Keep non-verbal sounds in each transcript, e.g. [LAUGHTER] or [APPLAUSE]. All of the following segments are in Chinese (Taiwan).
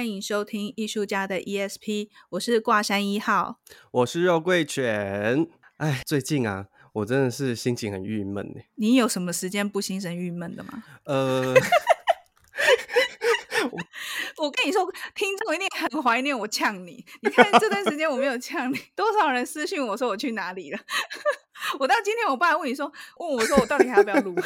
歡迎收聽藝術家的 ESP，我是掛山一號，我是肉桂犬。哎，最近啊，我真的是心情很鬱悶。你有什麼時間不心神鬱悶的嗎？呃。 [LAUGHS] 我跟你說，聽眾一定很懷念我嗆你。你看這段時間我沒有嗆你，多少人私訊我說我去哪裡了？我到今天我爸還問你說，問我說我到底還要不要錄？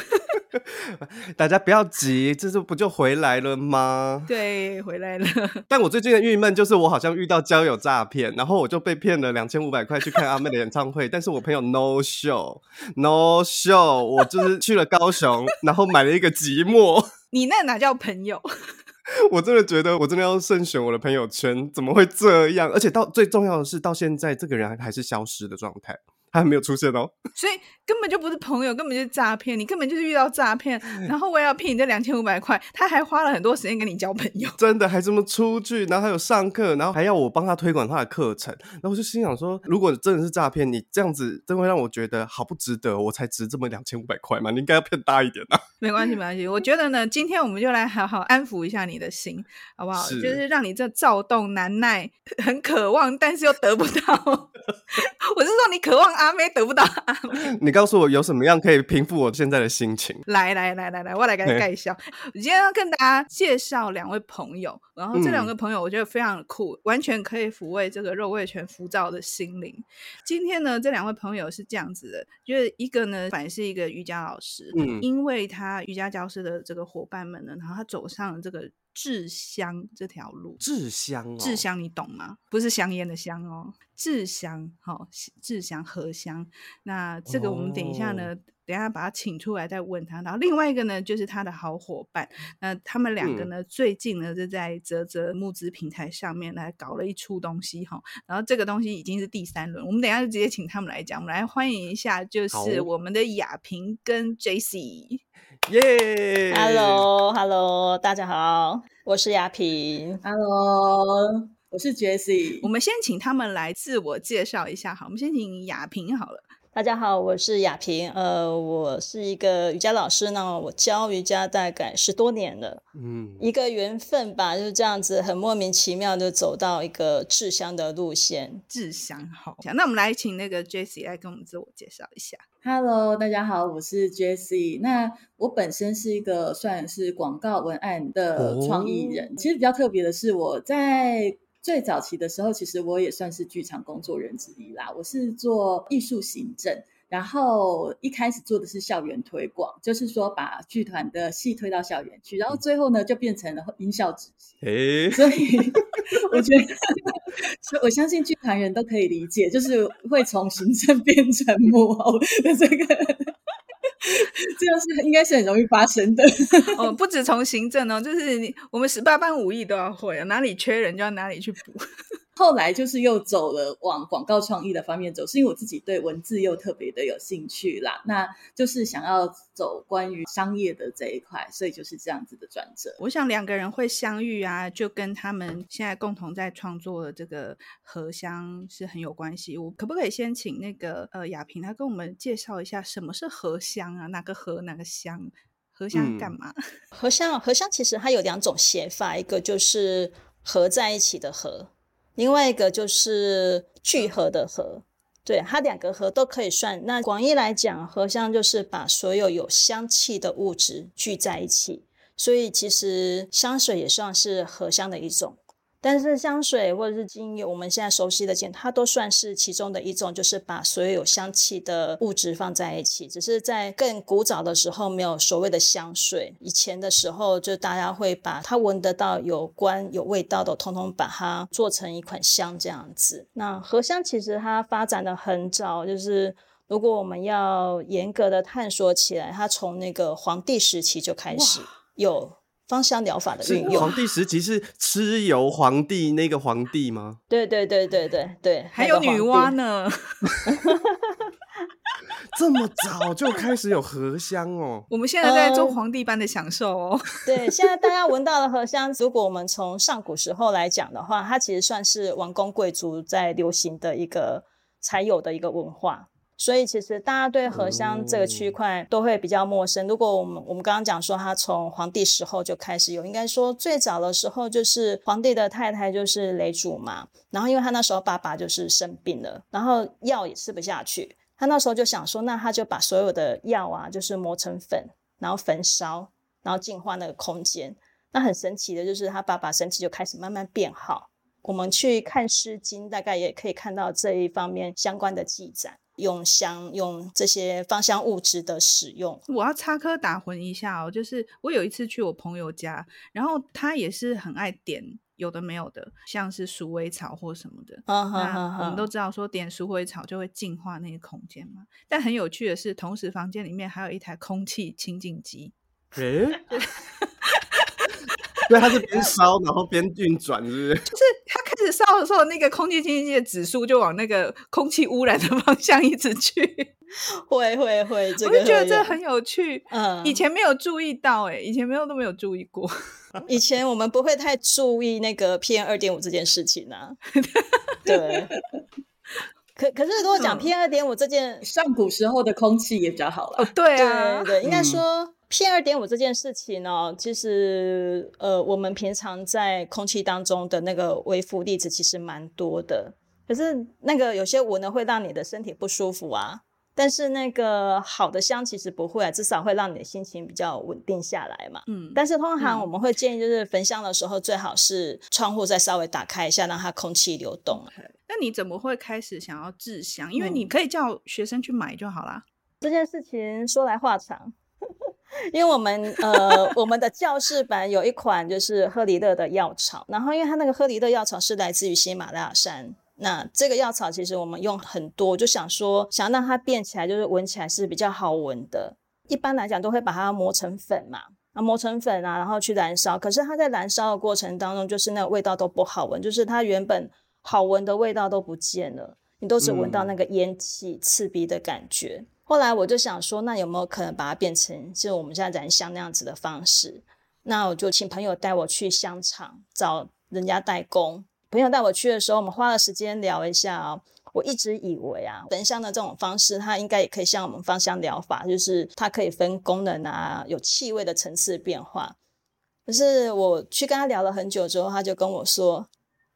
[LAUGHS] 大家不要急，這次不就回來了嗎？對，回來了。但我最近的鬱悶就是我好像遇到交友詐騙，然後我就被騙了兩千五百塊去看阿妹的演唱會。 [LAUGHS] 但是我朋友 no show，no show，我就是去了高雄， [LAUGHS] 然後買了一個寂寞。你那哪叫朋友？我真的覺得，我真的要慎選我的朋友圈，怎麼會這樣？而且到最重要的是，到現在這個人還是消失的狀態。他還沒有出現哦，所以根本就不是朋友，根本就是詐騙。你根本就是遇到詐騙，然後我也要騙你這兩千五百塊，他還花了很多時間跟你交朋友，真的還這麼出去，然後還有上課，然後還要我幫他推廣他的課程。那我就心想說，如果真的是詐騙，你這樣子真的會讓我覺得好不值得。我才值這麼兩千五百塊嗎？你應該要騙大一點啊。沒關係，沒關係。我覺得呢，今天我們就來好好安撫一下你的心，好不好？是。就是讓你這躁動難耐，很渴望，但是又得不到。 [LAUGHS] 我是說，你渴望啊。阿、啊、妹得不到、啊、妹 [LAUGHS] 你告訴我有什麼樣可以平復我現在的心情？來來來來來，我來給你介紹。欸、我今天要跟大家介紹兩位朋友，然後這兩個朋友我覺得非常的酷，嗯、完全可以撫慰這個肉桂犬浮躁的心靈。今天呢，這兩位朋友是這樣子的，就是一個呢，反正是一個瑜伽老師，嗯，因為他瑜伽教室的這個夥伴們呢，然後他走上了這個。製香這條路，製香、哦，製香你懂嗎？不是香煙的香哦，製香，好、哦，製香、合香。那這個我們等一下呢，哦、等一下把他請出來再問他。然後另外一個呢，就是他的好夥伴，那他們兩個呢，嗯、最近呢就在嘖嘖募資平台上面來搞了一出東西哈。然後這個東西已經是第三輪，我們等一下就直接請他們來講，我們來歡迎一下，就是我們的雅萍跟 JESSIE。耶 Yeah.！Hello，Hello，大家好，我是雅萍，Hello，我是 Jessie。我們先請他們來自我介紹一下，好，我們先請雅萍好了。大家好，我是雅萍。呃，我是一個瑜伽老師，那我教瑜伽大概十多年了。嗯，一個緣分吧，就是這樣子，很莫名其妙的走到一個製香的路線。製香。好，那我們來請那個 Jessie 來跟我們自我介紹一下。Hello，大家好，我是 Jessie。那我本身是一個算是廣告文案的創意人。Oh. 其實比較特別的是，我在。最早期的時候，其實我也算是劇場工作人之一啦。我是做藝術行政，然後一開始做的是校園推廣，就是說把劇團的戲推到校園去，然後最後呢就變成了音效師。嗯，所以我覺得，所以 [LAUGHS] [LAUGHS] 我相信劇團人都可以理解，就是會從行政變成幕後的這個。這樣是應該是很容易發生的哦，不止從行政哦，就是你我們十八般武藝都要會啊，哪裡缺人就要哪裡去補。後來就是又走了往廣告創意的方面走，是因為我自己對文字又特別的有興趣啦，那就是想要走關於商業的這一塊，所以就是這樣子的轉折。我想兩個人會相遇啊，就跟他們現在共同在創作的這個合香是很有關係。我可不可以先請那個呃雅萍來跟我們介紹一下什麼是合香啊？哪個合哪個香？合香幹嘛？合、嗯、香，合香其實它有兩種寫法，一個就是合在一起的合。另外一個就是聚合的合，對，它兩個合都可以算。那廣義來講，合香就是把所有有香氣的物質聚在一起，所以其實香水也算是合香的一種。但是香水或者是精油，我們現在熟悉的精油，它都算是其中的一種，就是把所有有香氣的物質放在一起。只是在更古早的時候，沒有所謂的香水。以前的時候，就大家會把它聞得到有關有味道的，統統把它做成一款香這樣子。那合香其實它發展的很早，就是如果我們要嚴格的探索起來，它從那個黃帝時期就開始有哇。有芳香療法的應用，皇帝時期是蚩尤皇帝那個皇帝嗎？對 [LAUGHS] 對對對對對，對那個、還有女媧呢。這麼早就開始有合香哦、喔！我們現在在做皇帝般的享受哦、喔 [LAUGHS] 呃。對，現在大家聞到的合香，如果我們從上古時候來講的話，它其實算是王公貴族在流行的一個才有的一個文化。所以其實大家對合香這個區塊都會比較陌生。如果我們我們剛剛講說，他從黃帝時候就開始有，應該說最早的時候就是黃帝的太太就是嫘祖嘛。然後因為他那時候爸爸就是生病了，然後藥也吃不下去，他那時候就想說，那他就把所有的藥啊，就是磨成粉，然後焚燒，然後淨化那個空間。那很神奇的就是他爸爸神奇就開始慢慢變好。我們去看《詩經》，大概也可以看到這一方面相關的記載。用香用這些芳香物質的使用，我要插科打諢一下哦。就是我有一次去我朋友家，然後他也是很愛點有的沒有的，像是鼠尾草或什麼的。嗯嗯、uh，huh huh huh. 我們都知道說點鼠尾草就會淨化那些空間嘛。但很有趣的是，同時房間裡面還有一台空氣清淨機。哎，對，它是邊燒然後邊運轉，是不是？就是燒的時候，那個空氣清新劑的指數就往那個空氣汙染的方向一直去會，會會會，這個、會我就覺得這很有趣。嗯，以前沒有注意到、欸，哎，以前沒有都沒有注意過。以前我們不會太注意那個 PM 二點五這件事情呢、啊。 [LAUGHS] 對。可可是，如果講 PM 二點五這件、嗯，上古時候的空氣也比較好了。哦，對啊，對，對，應該說、嗯。2 P 二點五這件事情呢、哦，其實呃，我們平常在空氣當中的那個微負粒子其實蠻多的，可是那個有些聞呢會讓你的身體不舒服啊。但是那個好的香其實不會啊，至少會讓你的心情比較穩定下來嘛。嗯。但是通常我們會建議，就是焚香的時候最好是窗戶再稍微打開一下，讓它空氣流動、啊。Okay. 那你怎麼會開始想要制香？因為你可以叫學生去買就好啦。嗯、這件事情說來話長。 [LAUGHS] 因為我們呃，我們的教室版有一款就是訶梨勒的藥草，然後因為它那個訶梨勒藥草是來自於喜馬拉雅山，那這個藥草其實我們用很多，就想說想讓它變起來，就是聞起來是比較好聞的。一般來講都會把它磨成粉嘛，啊磨成粉啊，然後去燃燒。可是它在燃燒的過程當中，就是那個味道都不好聞，就是它原本好聞的味道都不見了，你都只聞到那個煙氣刺鼻的感覺。嗯後來我就想說，那有沒有可能把它變成，就是我們現在燃香那樣子的方式？那我就請朋友帶我去香廠找人家代工。朋友帶我去的時候，我們花了時間聊一下哦。我一直以為啊，焚香的這種方式，它應該也可以像我們芳香療法，就是它可以分功能啊，有氣味的層次變化。可是我去跟他聊了很久之後，他就跟我說：“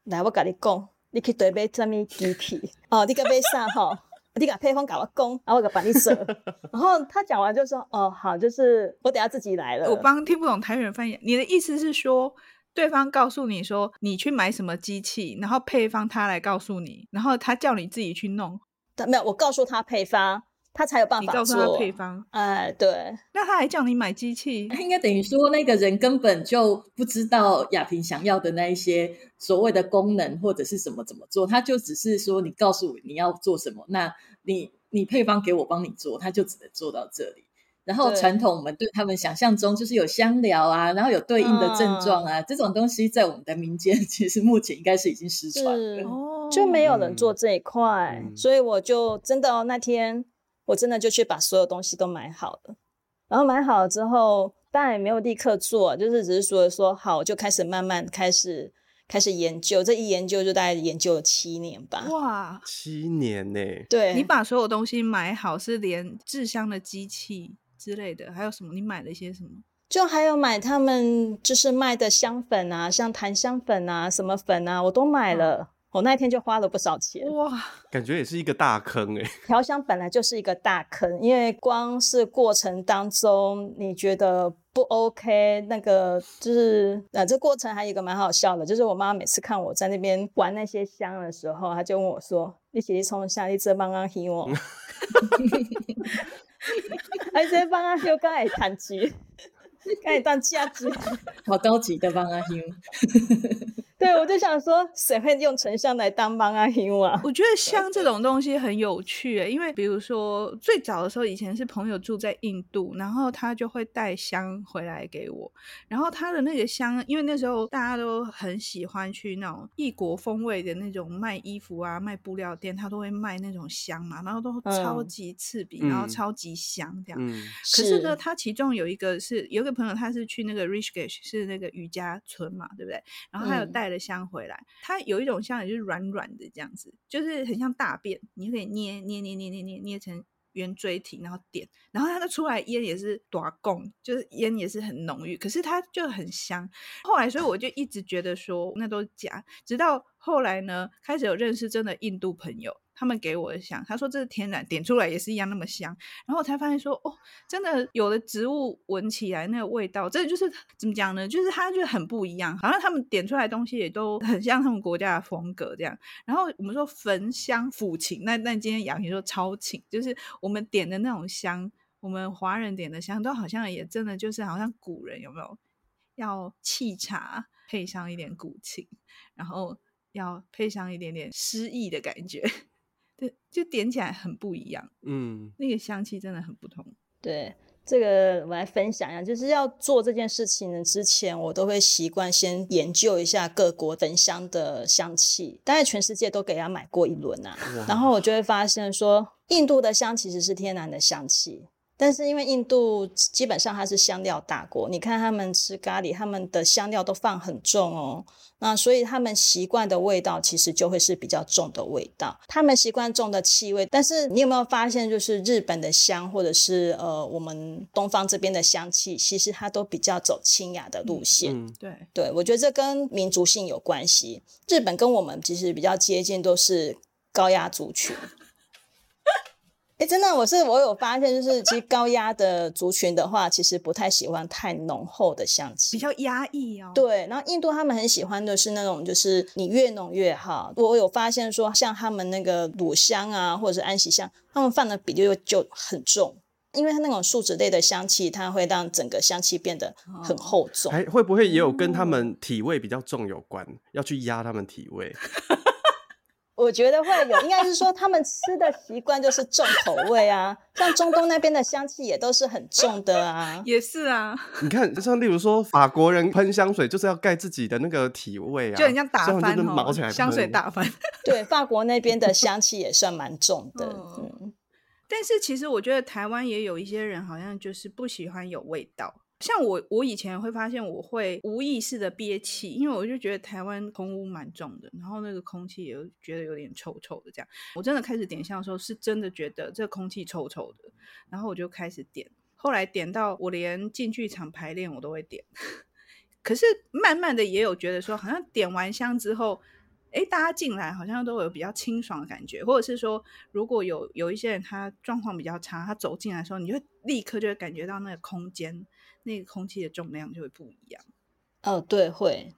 來，我跟你講，你可以對比，什麼機器？哦、 [LAUGHS] oh,，你個買啥哈？”我講、啊、配方搞了工，然後我講把你 [LAUGHS] 然後他講完就說，哦，好，就是我等下自己來了。我剛剛聽不懂台語人翻譯，你的意思是說，對方告訴你說你去買什麼機器，然後配方他來告訴你，然後他叫你自己去弄？沒有，我告訴他配方。他才有辦法做，你告配方，哎、呃，對。那他還叫你買機器？他應該等於說那個人根本就不知道雅萍想要的那一些所謂的功能或者是什麼怎麼做，他就只是說你告訴我你要做什麼，那你你配方給我幫你做，他就只能做到這裡。然後傳統我們對他們想象中就是有香療啊，然後有對應的症狀啊，嗯、這種東西在我們的民間其實目前應該是已經失傳了，哦嗯、就沒有人做這一塊。嗯、所以我就真的、哦、那天。我真的就去把所有東西都買好了，然後買好了之後，但也沒有立刻做，就是只是說說好，就開始慢慢開始開始研究。這一研究就大概研究了七年吧。哇，七年欸？對，你把所有東西買好，是連製香的機器之類的，還有什麼？你買了一些什麼？就還有買他們就是賣的香粉啊，像檀香粉啊，什麼粉啊，我都買了。嗯我那天就花了不少錢哇，感覺也是一個大坑哎、欸。調香本來就是一個大坑，因為光是過程當中你覺得不 OK，那個就是呃、啊、這過程還有一個蠻好笑的，就是我媽每次看我在那邊玩那些香的時候，她就問我說：“你姐姐沖香，你這幫阿兄，哈哈哈還這幫阿兄剛愛彈吉，剛才彈架子，好高級的幫阿兄。 [LAUGHS] ” [LAUGHS] 對，我就想說，誰會用沉香來當幫阿姨嘛？我覺得香這種東西很有趣、欸，因為比如說最早的時候，以前是朋友住在印度，然後他就會帶香回來給我。然後他的那個香，因為那時候大家都很喜歡去那種異國風味的那種賣衣服啊、賣布料店，他都會賣那種香嘛，然後都超級刺鼻，嗯、然後超級香這樣。嗯嗯、可是呢，是他其中有一個是有個朋友，他是去那個 Rishikesh 是那個瑜伽村嘛，對不對？然後他有帶。的香回來，它有一種香也就是軟軟的這樣子，就是很像大便，你可以捏捏捏捏捏捏捏,捏成圓錐體，然後點，然後它就出來煙也是奪貢，就是煙也是很濃郁，可是它就很香。後來，所以我就一直覺得說那都是假，直到後來呢，開始有認識真的印度朋友。他們給我的香，他說這是天然點出來也是一樣那麼香，然後我才發現說哦，真的有的植物聞起來那個味道，這就是怎麼講呢？就是它就很不一樣。好像他們點出來東西也都很像他們國家的風格這樣。然後我們說焚香撫琴，那那今天雅萍說超琴，就是我們點的那種香，我們華人點的香，都好像也真的就是好像古人有沒有？要沏茶，配上一點古琴，然後要配上一點點詩意的感覺。對，就點起來很不一樣，嗯，那個香氣真的很不同。對，這個我來分享一下，就是要做這件事情的之前，我都會習慣先研究一下各國等香的香氣，大概全世界都給他買過一輪啊哇然後我就會發現說，印度的香其實是天然的香氣。但是因為印度基本上它是香料大國，你看他們吃咖喱，他們的香料都放很重哦，那所以他們習慣的味道其實就會是比較重的味道，他們習慣重的氣味。但是你有沒有發現，就是日本的香或者是呃我們東方這邊的香氣，其實它都比較走清雅的路線。嗯嗯。對，對我覺得這跟民族性有關係。日本跟我們其實比較接近，都是高壓族群。 [LAUGHS] 哎，欸、真的，我是我有發現，就是其實高壓的族群的話，其實不太喜歡太濃厚的香氣，比較壓抑哦、喔。對，然後印度他們很喜歡的是那種，就是你越濃越好。我有發現說，像他們那個乳香啊，或者是安息香，他們放的比例就很重，因為它那種樹脂類的香氣，它會讓整個香氣變得很厚重。還、哦欸、會不會也有跟他們體味比較重有關，嗯、要去壓他們體味？ [LAUGHS] 我覺得會有，應該是說他們吃的習慣就是重口味啊，像中東那邊的香氣也都是很重的啊。也是啊，你看，就像例如說法國人噴香水就是要蓋自己的那個體味啊，就很像打翻、哦，香水打翻。 [LAUGHS] 對，法國那邊的香氣也算蠻重的。哦、嗯，但是其實我覺得台灣也有一些人好像就是不喜歡有味道。像我，我以前會發現我會無意識的憋氣，因為我就覺得台灣空污蠻重的，然後那個空氣也覺得有點臭臭的。這樣，我真的開始點香的時候，是真的覺得這空氣臭臭的，然後我就開始點。後來點到我連進劇場排練我都會點。可是慢慢的也有覺得說，好像點完香之後，哎、欸，大家進來好像都有比較清爽的感覺，或者是說，如果有有一些人他狀況比較差，他走進來的時候，你就會立刻就會感覺到那個空間。那個空氣的重量就會不一樣。哦，對，會，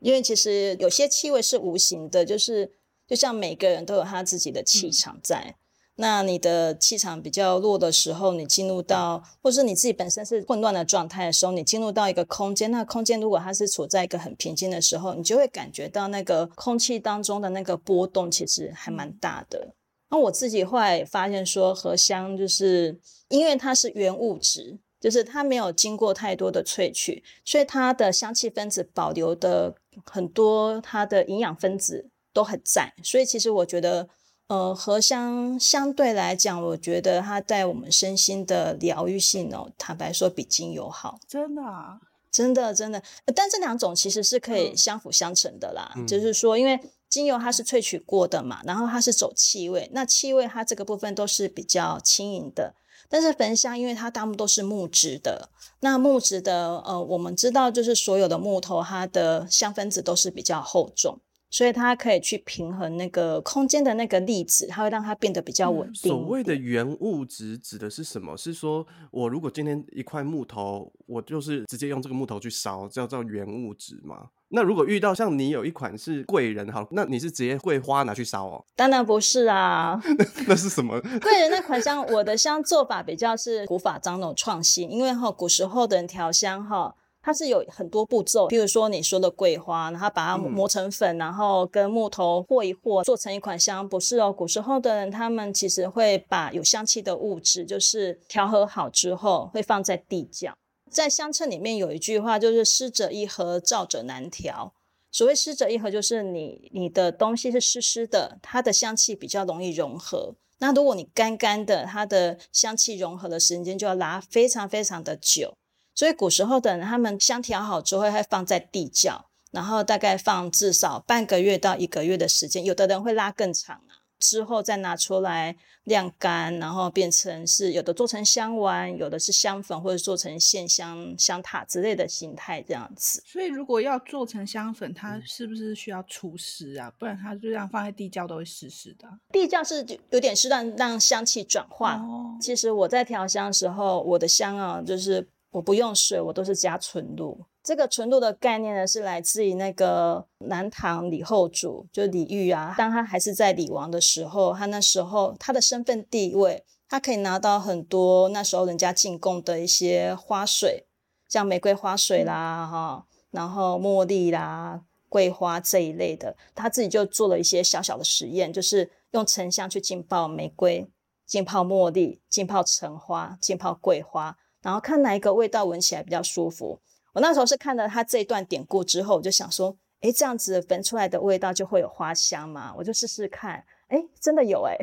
因為其實有些氣味是無形的，就是就像每個人都有他自己的氣場在。嗯、那你的氣場比較弱的時候，你進入到，或者是你自己本身是混亂的狀態的時候，你進入到一個空間，那個、空間如果它是處在一個很平靜的時候，你就會感覺到那個空氣當中的那個波動其實還蠻大的。那我自己後來發現說，合香就是因為它是原物質。就是它沒有經過太多的萃取，所以它的香氣分子保留的很多，它的營養分子都很在。所以其實我覺得，呃，合香相對來講，我覺得它在我們身心的療癒性哦，坦白說比精油好。真的啊，真的真的。但這兩種其實是可以相輔相成的啦。嗯、就是說，因為精油它是萃取過的嘛，然後它是走氣味，那氣味它這個部分都是比較輕盈的。但是焚香，因為它大部分都是木質的，那木質的，呃，我們知道，就是所有的木頭，它的香分子都是比較厚重，所以它可以去平衡那個空間的那個粒子，它會讓它變得比較穩定。嗯，所謂的原物質指的是什麼？是說，我如果今天一塊木頭，我就是直接用這個木頭去燒，叫做原物質嗎？那如果遇到像你有一款是桂仁哈，那你是直接桂花拿去燒哦？當然不是啊，那是什麼桂仁那款香？ [LAUGHS] 我的香做法比較是古法加那種創新，因為哈、哦、古時候的人調香哈、哦，它是有很多步驟，比如說你說的桂花，然後把它磨成粉，嗯、然後跟木頭和一和，做成一款香，不是哦。古時候的人他們其實會把有香氣的物質，就是調和好之後，會放在地窖。在香冊裡面有一句話，就是濕者易合，燥者難調。所謂濕者易合，就是你你的東西是濕濕的，它的香氣比較容易融合。那如果你乾干的，它的香氣融合的時間就要拉非常非常的久。所以古時候的人，他們香調好之後會放在地窖，然後大概放至少半個月到一個月的時間，有的人會拉更長啊。之後再拿出來晾乾，然後變成是有的做成香丸，有的是香粉，或者做成線香、香塔之類的形態這樣子。所以如果要做成香粉，它是不是需要除濕啊？嗯、不然它就這樣放在地窖，都會濕濕的。地窖，是有點是讓讓香氣轉化。哦、其實我在調香的時候，我的香啊就是。我不用水，我都是加純露。這個純露的概念呢，是來自於那個南唐李後主，就李煜啊。當他還是在李王的時候，他那時候他的身份地位，他可以拿到很多那時候人家進貢的一些花水，像玫瑰花水啦，哈，然後茉莉啦、桂花這一類的，他自己就做了一些小小的實驗，就是用沉香去浸泡玫瑰、浸泡茉莉、浸泡橙花、浸泡桂花。然後看哪一個味道聞起來比較舒服。我那時候是看到它這一段典故之後，我就想說，哎，這樣子焚出來的味道就會有花香嘛，我就試試看，哎，真的有哎。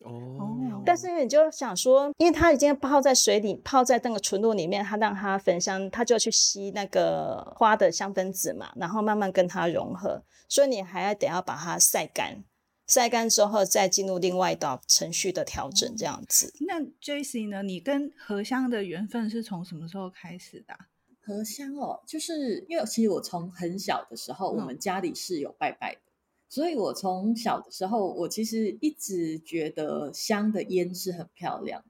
哦。Oh. 但是你就想說，因為它已經泡在水裡，泡在那個純露裡面，它讓它焚香，它就要去吸那個花的香分子嘛，然後慢慢跟它融合，所以你還要等要把它曬乾。曬乾之後，再進入另外一道程序的調整，這樣子。嗯、那 JESSIE 呢？你跟合香的緣分是從什麼時候開始的、啊？合香哦，就是因為其實我從很小的時候，嗯、我們家裡是有拜拜的，所以我從小的時候，我其實一直覺得香的煙是很漂亮的。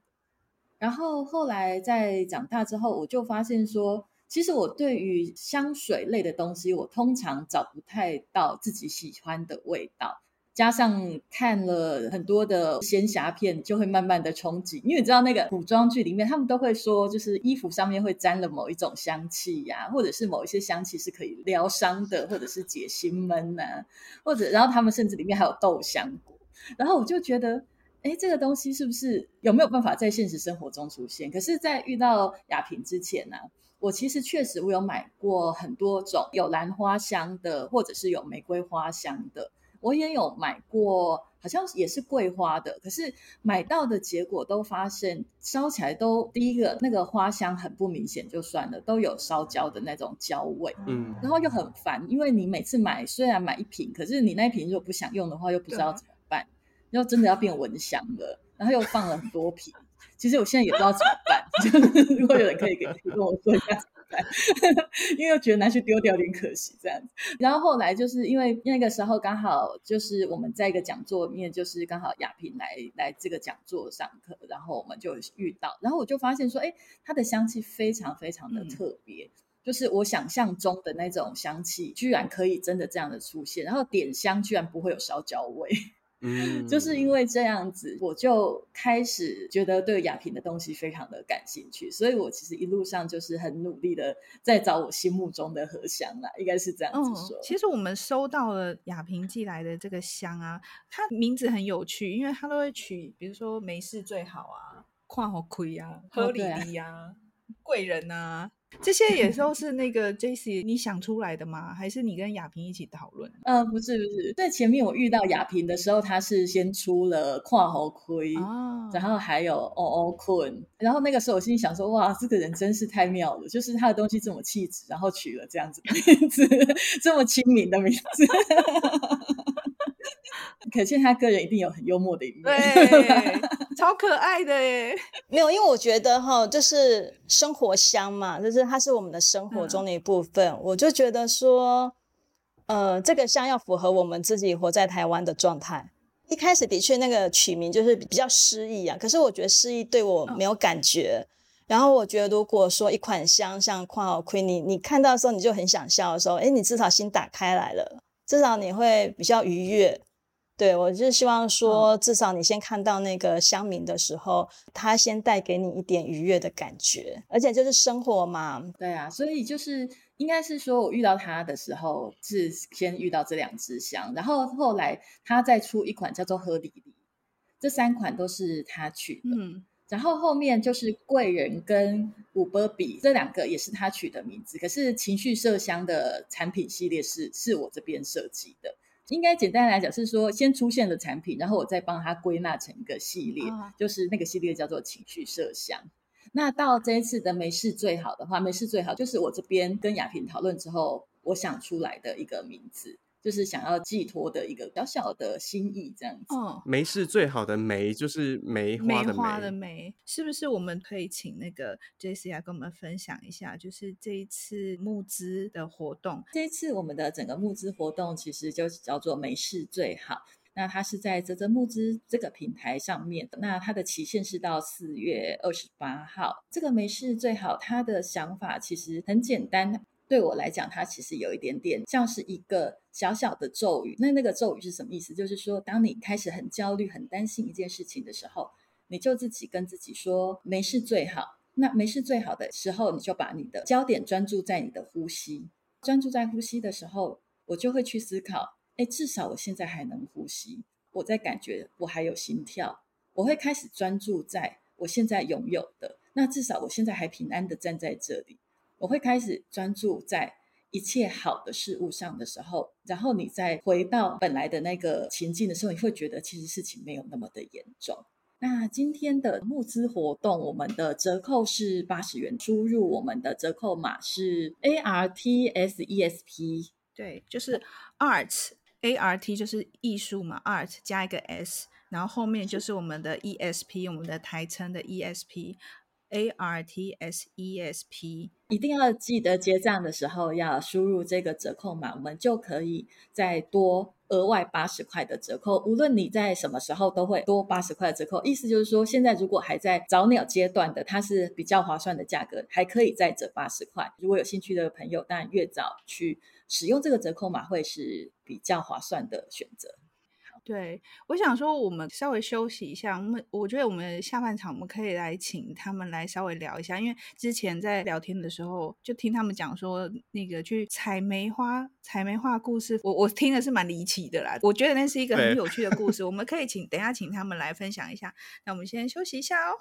然後後來在長大之後，我就發現說，其實我對於香水類的東西，我通常找不太到自己喜歡的味道。加上看了很多的仙俠片，就會慢慢的憧憬。因為你知道，那個古裝劇裡面，他們都會說，就是衣服上面會沾了某一種香氣呀，或者是某一些香氣是可以療傷的，或者是解心悶吶，或者然後他們甚至裡面還有豆香果。然後我就覺得，哎，這個東西是不是有沒有辦法在現實生活中出現？可是，在遇到雅萍之前呢，啊，我其實確實我有買過很多種，有蘭花香的，或者是有玫瑰花香的。我也有買過，好像也是桂花的，可是買到的結果都發現燒起來都第一個那個花香很不明顯，就算了，都有燒焦的那種焦味，嗯，然後又很煩，因為你每次買雖然買一瓶，可是你那一瓶如果不想用的話又不知道怎麼辦，嗎又真的要變蚊香了，然後又放了很多瓶， [LAUGHS] 其實我現在也不知道怎麼辦， [LAUGHS] [LAUGHS] 如果有人可以給你可以跟我說一下。 [LAUGHS] 因為我覺得拿去丟掉有點可惜，這樣子。然後後來就是因為那個時候剛好就是我們在一個講座面，就是剛好雅萍來來這個講座上課，然後我們就遇到，然後我就發現說，哎，它的香氣非常非常的特別，嗯、就是我想象中的那種香氣，居然可以真的這樣的出現，然後點香居然不會有燒焦味。 [LAUGHS] 嗯，就是因為這樣子，我就開始覺得對雅萍的東西非常的感興趣，所以我其實一路上就是很努力的在找我心目中的合香啦、啊。應該是這樣子說，嗯。其實我們收到了雅萍寄來的這個香啊，它名字很有趣，因為它都會取，比如說梅事最好啊，看乎開啊，荷里啊，呀、哦啊，貴人啊。這些也都是那個 JESSIE 你想出來的嗎？還是你跟雅萍一起討論？呃，不是不是，在前面我遇到雅萍的時候，她是先出了看乎開，啊、然後還有哦哦困，然後那個時候我心裡想說，哇，這個人真是太妙了，就是他的東西這麼氣質，然後取了這樣子的名字，這麼親民的名字。 [LAUGHS] 可見他個人一定有很幽默的一面，對， [LAUGHS] 超可愛的耶，沒有，因為我覺得哈、哦，就是生活香嘛，就是它是我們的生活中的一部分。嗯、我就覺得說，呃，這個香要符合我們自己活在台灣的狀態。一開始的確那個取名就是比較詩意啊，可是我覺得詩意對我沒有感覺。嗯、然後我覺得如果說一款香像看乎開，你看到的時候你就很想笑的時候，哎，你至少心打開來了。至少你會比較愉悅，對，我就希望說，至少你先看到那個香名的時候，它、嗯、先帶給你一點愉悅的感覺，而且就是生活嘛。對啊，所以就是應該是說我遇到它的時候是先遇到這兩支香，然後後來它再出一款叫做和李黎，這三款都是他取的。嗯然後後面就是貴人跟古波比這兩個也是他取的名字，可是情緒麝香的產品系列是是我這邊設計的。應該簡單來講是說先出現的產品，然後我再幫他歸納成一個系列，oh. 就是那個系列叫做情緒麝香。那到這一次的梅事最好的話，梅事最好就是我這邊跟雅萍討論之後，我想出來的一個名字。就是想要寄託的一個小小的心意，這樣子。哦，梅事最好的梅就是梅花，梅，梅花的梅，是不是？我們可以請那個 JESSIE 來跟我們分享一下，就是這一次募資的活動。這一次我們的整個募資活動其實就叫做“梅事最好”。那它是在嘖嘖募資這個平台上面，那它的期限是到四月二十八號。這個“梅事最好”，它的想法其實很簡單。對我來講，它其實有一點點像是一個小小的咒語。那那個咒語是什麼意思？就是說，當你開始很焦慮、很擔心一件事情的時候，你就自己跟自己說：“沒事最好。”那沒事最好的時候，你就把你的焦點專注在你的呼吸。專注在呼吸的時候，我就會去思考：“欸，至少我現在還能呼吸，我在感覺我還有心跳。”我會開始專注在我現在擁有的。那至少我現在還平安的站在這裡。我會開始專注在一切好的事物上的時候，然後你再回到本來的那個情境的時候，你會覺得其實事情沒有那麼的嚴重。那今天的募資活動，我們的折扣是八十元，輸入我們的折扣碼是 A R T S E S P，對，就是 arts，A R T 就是藝術嘛，art 加一個 S，然後後面就是我們的 E S P，我們的台稱的 E S P。a r t s e s p， 一定要記得結賬的時候要輸入這個折扣碼，我們就可以再多額外八十塊的折扣。無論你在什麼時候，都會多八十塊的折扣。意思就是說，現在如果還在早鳥階段的，它是比較划算的價格，還可以再折八十塊。如果有興趣的朋友，當然越早去使用這個折扣碼會是比較划算的選擇。對，我想說，我們稍微休息一下。我們我覺得我們下半場我們可以來請他們來稍微聊一下，因為之前在聊天的時候就聽他們講說那個去採梅花、採梅花故事，我我聽的是蠻離奇的啦。我覺得那是一個很有趣的故事，對 [LAUGHS] 我們可以請等一下請他們來分享一下。那我們先休息一下哦。